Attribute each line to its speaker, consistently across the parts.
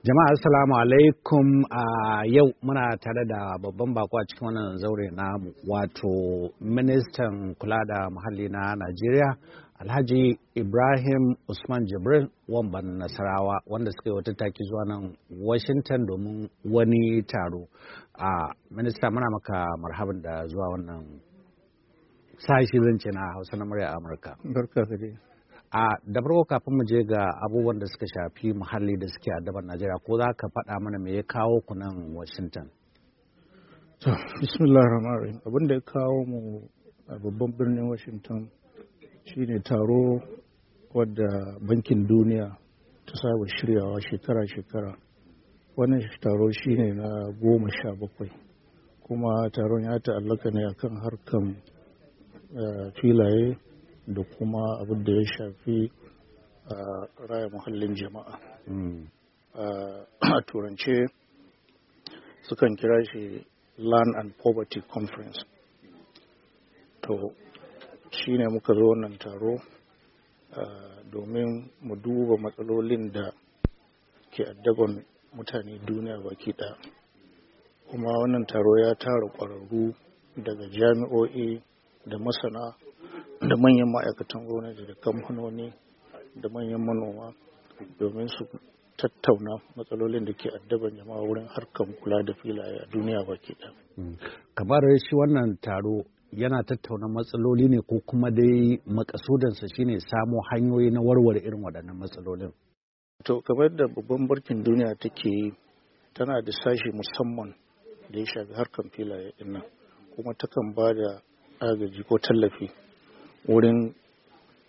Speaker 1: Jama'a assalamu alaikum a yau muna tare da babban bako a cikin wannan zaure na wato ministan kula da muhalli na Najeriya Alhaji Ibrahim Usman Jibril wamban Nasarawa wanda suka yi wata taki zuwa nan Washington domin wani taro. A minista muna maka marhaban da zuwa wannan sashi zance na Hausa na murya Amurka. Barka a da farko kafin mu je ga abubuwan da suka shafi muhalli da suke daban najeriya ko za ka faɗa mana me ya kawo ku nan washington
Speaker 2: to bismillah rahman abin da ya kawo mu a babban birnin washington shine taro wadda bankin duniya ta saba shiryawa shekara-shekara wannan taro shine na goma sha bakwai kuma taron ya ta'allaka ne akan harkan eh, filaye da kuma abin da ya shafi raya muhallin jama'a hmm. a turance sukan kira shi land and poverty conference to shi ne muka zo wannan taro domin mu duba matsalolin da ke addaban mutane duniya baki ɗaya kuma wannan taro ya tara ƙwararru daga jami'o'i da masana da manyan ma'aikatan gwamnati da kamfanoni da manyan manoma domin su tattauna matsalolin da ke addaban jama'a wurin harkar kula da filaye a duniya baki ɗaya. Mm.
Speaker 1: kamar shi wannan taro yana tattauna matsaloli ne ko kuma dai makasudansa shine samo hanyoyi na warware irin waɗannan matsalolin
Speaker 2: to kamar da babban barkin duniya take yi tana da sashi musamman da ya shafi harkar filaye nan kuma takan ba da agaji ko tallafi wurin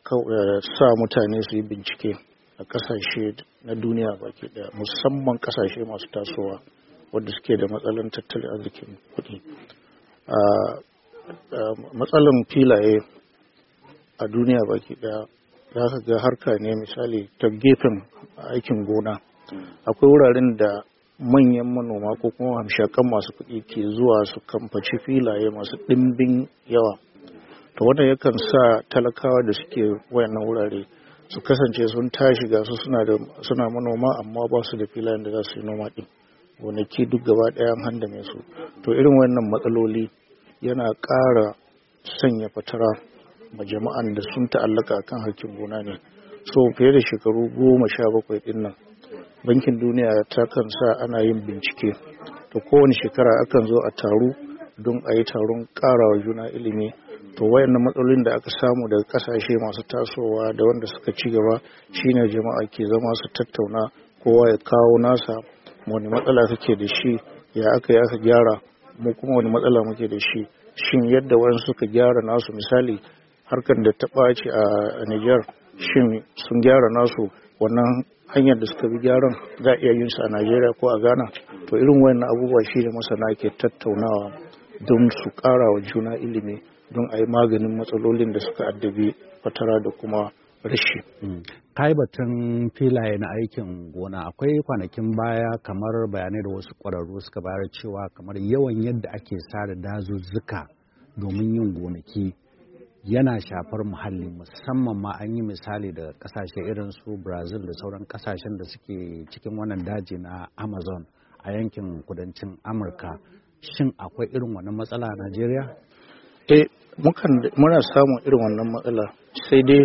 Speaker 2: eh, sa mutane su yi bincike a kasashe na duniya baki daya musamman kasashe masu tasowa wadda suke da matsalan tattalin arzikin kuɗi matsalin filaye a duniya baki daya za ka ga harka ne misali ta gefen aikin gona akwai wuraren da manyan manoma ko kuma hamshakan masu kuɗi ke zuwa su kamfaci filaye masu ɗimbin yawa to wannan yakan sa talakawa da suke wayannan wurare su kasance sun tashi ga su suna manoma amma ba su da filayen da za su yi noma din gonaki duk gaba ɗaya handa handame su to irin wannan matsaloli yana ƙara sanya fatara ma jama'an da sun ta'allaka kan harkin gona ne so fiye da shekaru goma sha bakwai ɗin nan bankin duniya ta kan sa ana yin bincike to kowane shekara akan zo a taru don a yi taron ƙarawa juna ilimi to wayannan matsalolin da aka samu daga kasashe masu tasowa da wanda suka ci gaba shine jama'a ke zama su tattauna kowa ya kawo nasa wani matsala kake da shi ya aka yi aka gyara mu kuma wani matsala muke da shi shin yadda wani suka gyara nasu misali harkar da ta ɓaci a Niger shin sun gyara nasu wannan hanyar da suka bi gyaran za a iya yin a Najeriya ko a Ghana to irin wayannan abubuwa shi da masana ke tattaunawa don su ƙara wa juna ilimi don a yi maganin matsalolin da suka addabi fatara da kuma
Speaker 1: rashi. Mm. Kai batun filaye na aikin gona akwai kwanakin baya kamar bayanai da wasu ƙwararru suka bayar cewa kamar yawan yadda ake sare dazuzzuka domin yin gonaki yana shafar muhalli musamman ma an yi misali da kasashe irin su brazil da sauran kasashen da suke cikin wannan daji na amazon a yankin kudancin amurka shin akwai irin wani matsala a najeriya eh muna samun irin wannan matsala sai
Speaker 2: dai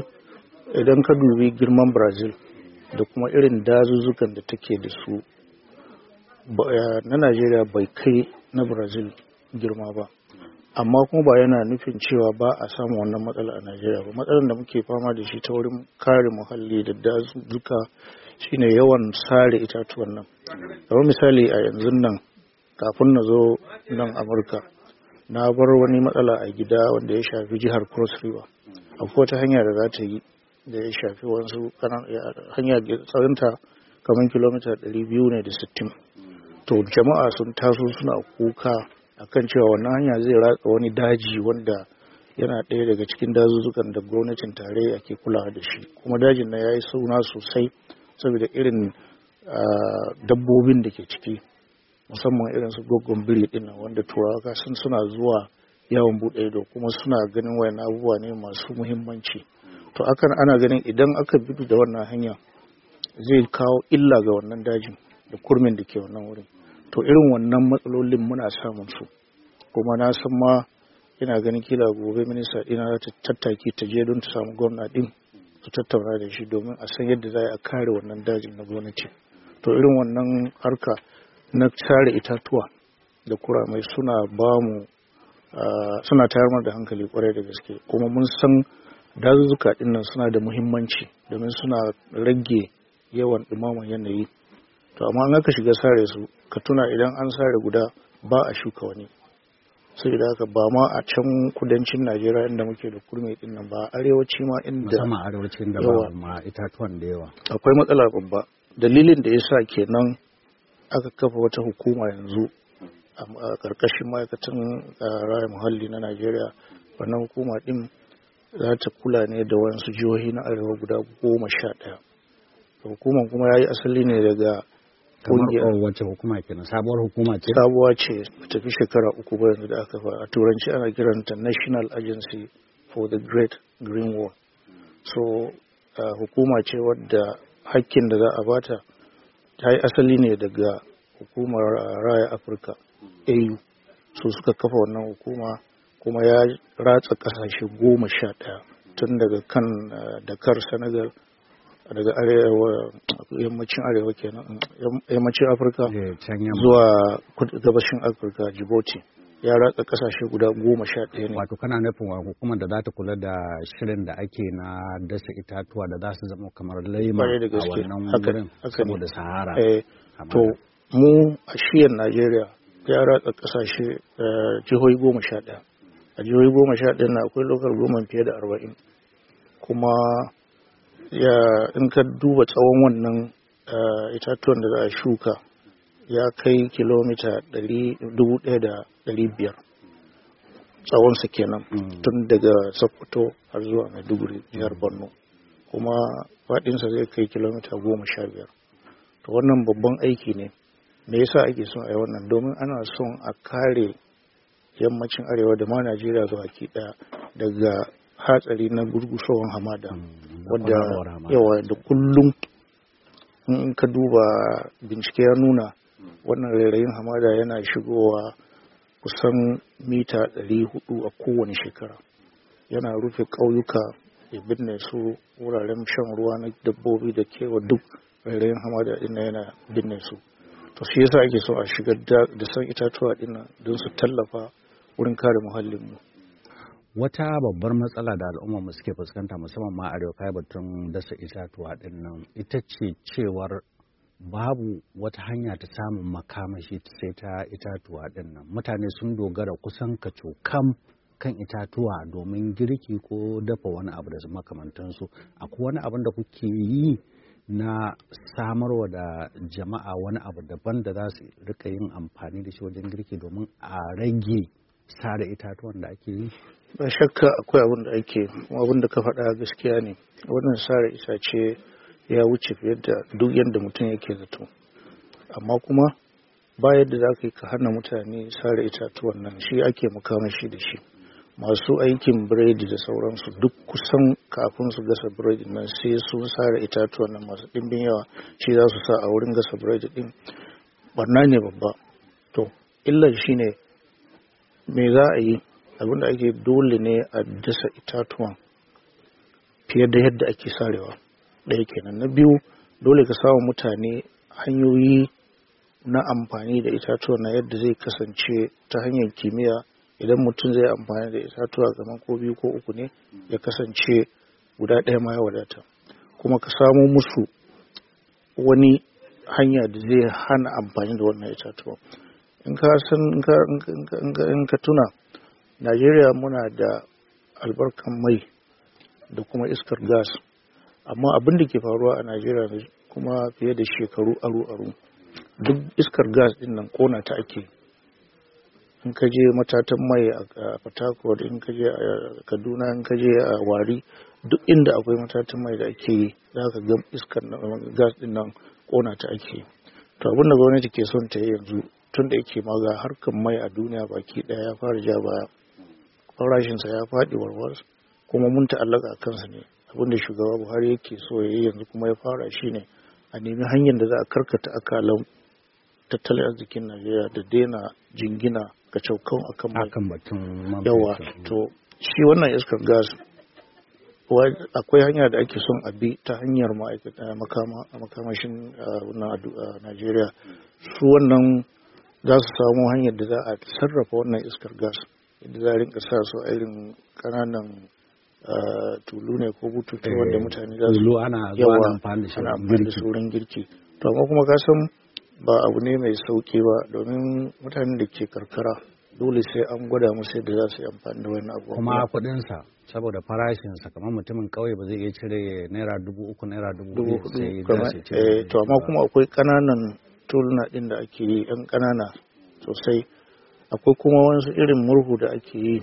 Speaker 2: idan ka dubi girman brazil da kuma irin dazuzzukan da take da su eh, na najeriya bai kai na brazil girma ba amma kuma ba yana nufin cewa ba a samun wannan matsala a najeriya ba matsalar da muke fama da shi ta wurin kare muhalli da dazuzzuka shine yawan sare itatuwan nan kamar misali a yanzu nan kafin na zo nan amurka na bar wani matsala a gida wanda ya shafi jihar cross river akwai wata hanya da za ta yi da ya shafi wasu eh, hanya tsarinta kamar kilomita 260 to jama'a sun taso suna kuka a kan cewa wannan hanya zai ratsa wani daji wanda yana ɗaya daga cikin dazuzzukan da gwamnatin tarayya ke kulawa da shi kuma dajin na ya yi sauna sosai saboda irin ah, dabbobin da ke ciki musamman irin su gogon biri din wanda turawa sun suna zuwa yawon buɗe ido kuma suna ganin wayan abubuwa ne masu muhimmanci to akan ana ganin idan aka bi da wannan hanya zai kawo illa ga wannan dajin da kurmin da ke wannan wurin to irin wannan matsalolin muna samun su kuma na san ma ina ganin kila gobe minista ɗina ta tattaki ta je don ta samu gwamna din su tattauna da shi domin a san yadda za a kare wannan dajin na gwamnati to irin wannan harka na sare itatuwa da kuramai suna ba mu suna tayar da hankali kwarai da gaske kuma mun san dazuzzuka dinnan suna da muhimmanci domin suna rage yawan ɗumaman yanayi to amma an ka shiga sare su ka tuna idan an sare guda ba a shuka wani da haka ba ma a can kudancin najeriya inda muke da kurme din nan ba arewaci ma inda musamman arewacin da ba
Speaker 1: ma itatuwan da yawa
Speaker 2: akwai matsalar babba dalilin da yasa kenan aka kafa wata hukuma yanzu a ƙarƙashin ma'aikatan raya muhalli na najeriya wannan hukuma ɗin za ta kula ne da wasu jihohi na arewa guda goma sha ɗaya kuma ya yi asali ne daga
Speaker 1: kungiyar wacce hukuma na sabuwar hukuma ce
Speaker 2: sabuwa ce tafi shekara uku ba yanzu da aka fara a turanci ana kiranta national agency for the great green wall so hukuma ce wadda hakkin da za a bata ta yi asali ne daga hukumar uh, raya afirka au su suka kafa wannan hukuma kuma ya ratsa kasashe goma sha ɗaya tun daga kan uh, dakar senegal daga yammacin arewa kenan yammacin afirka eh, zuwa gabashin
Speaker 1: afirka djibouti ya ratsa kasashe guda goma sha ɗaya ne. Wato kana nufin wa kuma da za ta kula da shirin da ake na dasa itatuwa da za su zama kamar laima a wannan wurin saboda sahara. Eh,
Speaker 2: to mu a shiyar Najeriya ya ratsa kasashe eh, jihohi goma sha ɗaya. A jihohi goma sha ɗaya na akwai lokar goma fiye da arba'in. Kuma ya in ka duba tsawon wannan eh, itatuwan da za a shuka ya kai kilomita 1,500 tsawonsa kenan hmm. tun daga sokoto har zuwa mai maiduguri jihar hmm. borno kuma faɗinsa zai kai kilomita goma sha biyar to wannan babban aiki ne me yasa ake son a yi wannan domin ana son a kare yammacin arewa da ma najeriya zuwa ki ɗaya daga hatsari na gurgushowar hamada hmm, wadda yawa da kullum in ka duba bincike ya nuna wannan rairayin hamada yana shigowa kusan mita 400 a kowane shekara yana rufe ƙauyuka a binne su wuraren shan ruwa na dabbobi da kewa duk rairayin hamada ina yana binne su to shi yasa ake so a shiga da san itatuwa ɗin don su tallafa wurin kare muhallin mu?
Speaker 1: wata babbar matsala da al'umma suke fuskanta musamman ma arewa kai batun dasa itatuwa ɗin nan ita ce cewar babu wata hanya ta samun makamashi sai ta itatuwa ɗin nan mutane sun dogara kusan cokam kan itatuwa domin girki ko dafa wani abu da makamantansu akwai wani abin da kuke yi na samarwa da jama'a wani abu daban da za su rika yin amfani da shi wajen girki domin a rage sare itatuwan da ake yi
Speaker 2: ba shakka akwai abin da ake abin da ka faɗa gaskiya ne wannan sare itace ya wuce fiye da duk yadda mutum yake zato amma kuma ba yadda za ka hana mutane sare itatuwan nan shi ake shi da shi masu aikin biredi da sauransu duk kusan kafin su gasa biredi nan sai sun sare itatuwan nan masu ɗimbin yawa shi za su sa a wurin gasa biredi ɗin barna ne babba to illar shi ne me za a yi abinda ake dole ne a dasa itatuwan fiye da yadda ake sarewa ɗaya kenan na biyu dole ka samu mutane hanyoyi na amfani da itatuwa na yadda zai kasance ta hanyar kimiyya idan mutum zai amfani da itatuwa kamar ko biyu ko uku ne ya kasance guda ɗaya ma ya wadata kuma ka samo musu wani hanya da zai hana amfani da wannan itatuwa in ka san in ka tuna najeriya muna da albarkan mai da kuma iskar gas amma abin da ke faruwa a najeriya kuma fiye da shekaru aru-aru duk iskar gas din nan kona ta ake in ka je matatan mai a fatakot in ka je a kaduna in ka je a wari duk inda akwai matatan mai da ake yi za ka ga iskar gas din nan kona ta ake to abin da gwamnati ke son ta yi yanzu tun da yake maga harkar mai a duniya baki daya ya fara ja baya farashinsa ya faɗi warwar kuma mun ta'allaka kansa ne da shugaba buhari yake so ya yi yanzu kuma ya fara shi ne a nemi hanyar da za a karkata akalan tattalin arzikin najeriya da daina jingina ga caukan akan batun yawa to shi wannan iskar gas akwai hanya da ake son a bi ta hanyar makamashin ah, wannan a ah, najeriya su wannan za su samu hanyar da za a sarrafa wannan iskar gas da za a rinka sa su a irin ƙananan tulu ne ko bututu eh, wanda mutane za su ana zuwa amfani da shi girki da girki to amma kuma kasan ba abu ne mai sauki ba domin mutane da ke karkara dole sai an gwada
Speaker 1: musu yadda za su yi amfani da wani abu kuma kuɗin sa saboda farashin kamar mutumin kauye ba zai iya cire naira dubu uku naira dubu hudu sai ya cire eh, to amma kuma
Speaker 2: akwai kananan tuluna din da ake yi yan kanana sosai akwai kuma wasu irin murhu da ake yi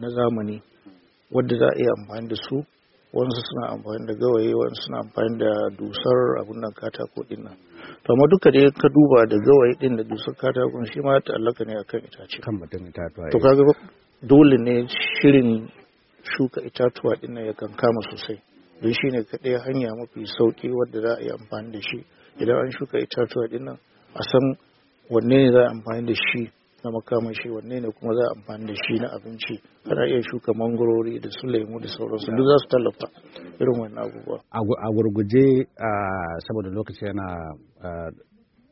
Speaker 2: na zamani wadda za a iya amfani da su wasu suna amfani da gawayi wasu suna amfani da dusar abin nan katako din nan to amma duka da ka duba da gawayi din da dusar katakon shi ma ta'allaka ne akan itace kan mutum itatuwa to eh. kaga dole ne shirin shuka itatuwa din nan yakan kama sosai don shi ne kaɗai hanya mafi sauki wadda za a yi amfani da shi idan an shuka itatuwa din nan a san wanne ne za a amfani da shi na makamashi wanne ne kuma za a amfani da shi na abinci ana iya shuka mangorori da su lemu da sauransu duk za su
Speaker 1: tallafa irin wannan abubuwa a gurguje saboda lokaci yana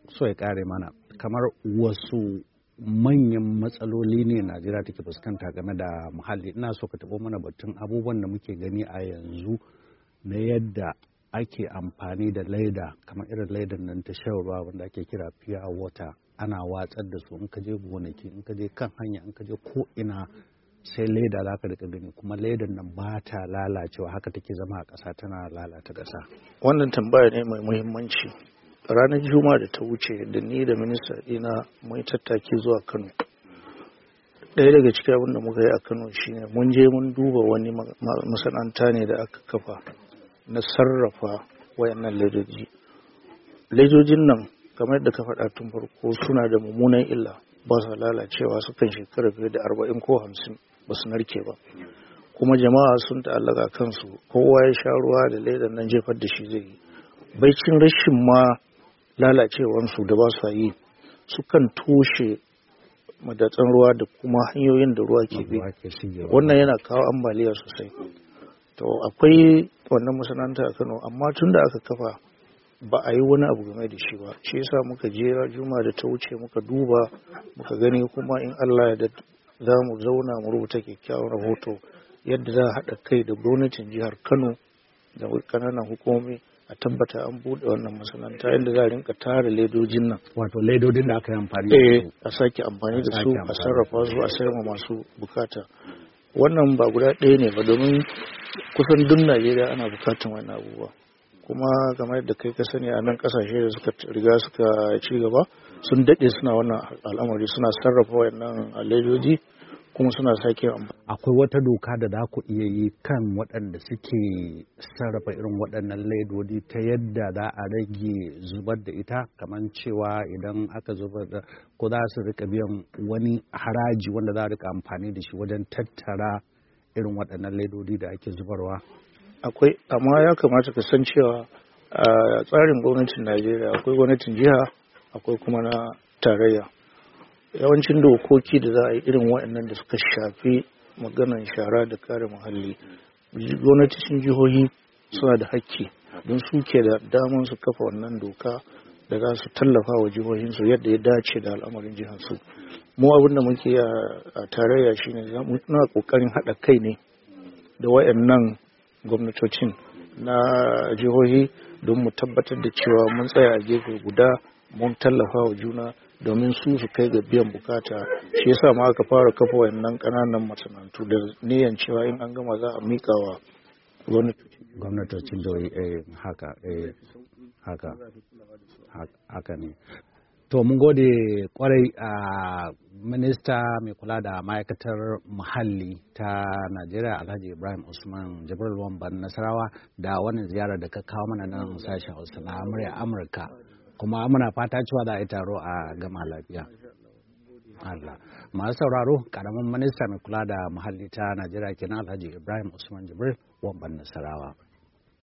Speaker 1: so ya kare mana kamar wasu manyan matsaloli ne najeriya take fuskanta game da muhalli ina so ka tabo mana batun abubuwan da muke gani a yanzu na yadda ake amfani da laida kamar irin laidan nan ta shan ruwa wanda ake kira pure water. ana watsar da su in ka je gonaki in ka je kan hanya in ka je ko ina sai leda za ka rika gani kuma ledan nan ba ta lalacewa haka take zama a ƙasa tana lalata ƙasa
Speaker 2: wannan tambaya
Speaker 1: ne mai muhimmanci ranar juma'a da ta wuce
Speaker 2: da ni da minista ɗina mai tattaki zuwa kano ɗaya daga cikin abin da muka yi a kano shine mun je mun duba wani masana'anta ne da aka kafa na sarrafa wayannan ledoji ledojin nan kamar da ka faɗa tun farko suna da mummunan illa ba su lalacewa sukan shekara fiye da arba'in ko hamsin ba su narke ba kuma jama'a sun ta'allaka kansu kowa ya sha ruwa da ledan nan jefar da shi zai yi baicin rashin ma lalacewansu da ba su yi sukan toshe madatsan ruwa da kuma hanyoyin da
Speaker 1: ruwa ke bi wannan yana
Speaker 2: kawo ambaliya sosai to akwai wannan masana'anta a kano amma tun da aka kafa ba a yi wani abu game da shi ba shi yasa muka je juma da ta wuce muka duba muka gani kuma in allah ya za mu zauna mu rubuta kyakkyawan rahoto yadda za a haɗa kai da gwamnatin jihar kano da kananan hukumomi a tabbata an buɗe wannan masana'anta yadda za a rinka tara ledojin
Speaker 1: nan wato ledojin da aka yi amfani da su eh,
Speaker 2: a sake amfani da su a sarrafa su a sayar masu bukata wannan ba guda ɗaya ne ba domin kusan duk najeriya ana bukatan wannan abubuwa kuma kamar da kai ka sani a nan kasashe da suka riga suka ci gaba sun daɗe suna wannan al'amari suna sarrafa wannan alajoji kuma
Speaker 1: suna sake akwai wata doka da za ku iya yi kan waɗanda suke sarrafa irin waɗannan laidodi ta yadda za a rage zubar da ita kamar cewa idan aka zubar da ko za su rika biyan wani haraji wanda za a rika amfani da shi wajen tattara irin waɗannan laidodi da ake zubarwa akwai
Speaker 2: amma ya kamata ka san cewa a tsarin gwamnatin najeriya akwai gwamnatin jiha akwai kuma na tarayya yawancin dokoki da za a yi irin waɗannan da suka shafi maganan shara da kare muhalli gwamnatin jihohi suna da hakki don suke da daman su kafa wannan doka da za su tallafa wa jihohinsu yadda ya dace da al'amarin jihansu mu abin da muke a tarayya shine muna kokarin haɗa kai ne da waɗannan. gwamnatocin na jihohi don mu tabbatar da cewa mun tsaya a gefe guda mun tallafa wa juna domin su su kai ga biyan bukata shi yasa ma aka fara kafa wayannan ƙananan masana'antu da niyan cewa in an gama za a mika wa
Speaker 1: gwamnatocin jihohi eh, haka eh, haka haka ne To mun gode kwarai a minista mai kula da ma'aikatar muhalli ta Najeriya Alhaji Ibrahim Usman Jibril Wamban Nasarawa da wannan ziyarar da ka kawo mana nan sashen Hausa na Amurka kuma muna fata cewa za a yi taro a gama lafiya. Allah. Masu sauraro, karamin minista mai kula da muhalli ta Najeriya kenan Alhaji Ibrahim Usman Jibril Wamban Nasarawa.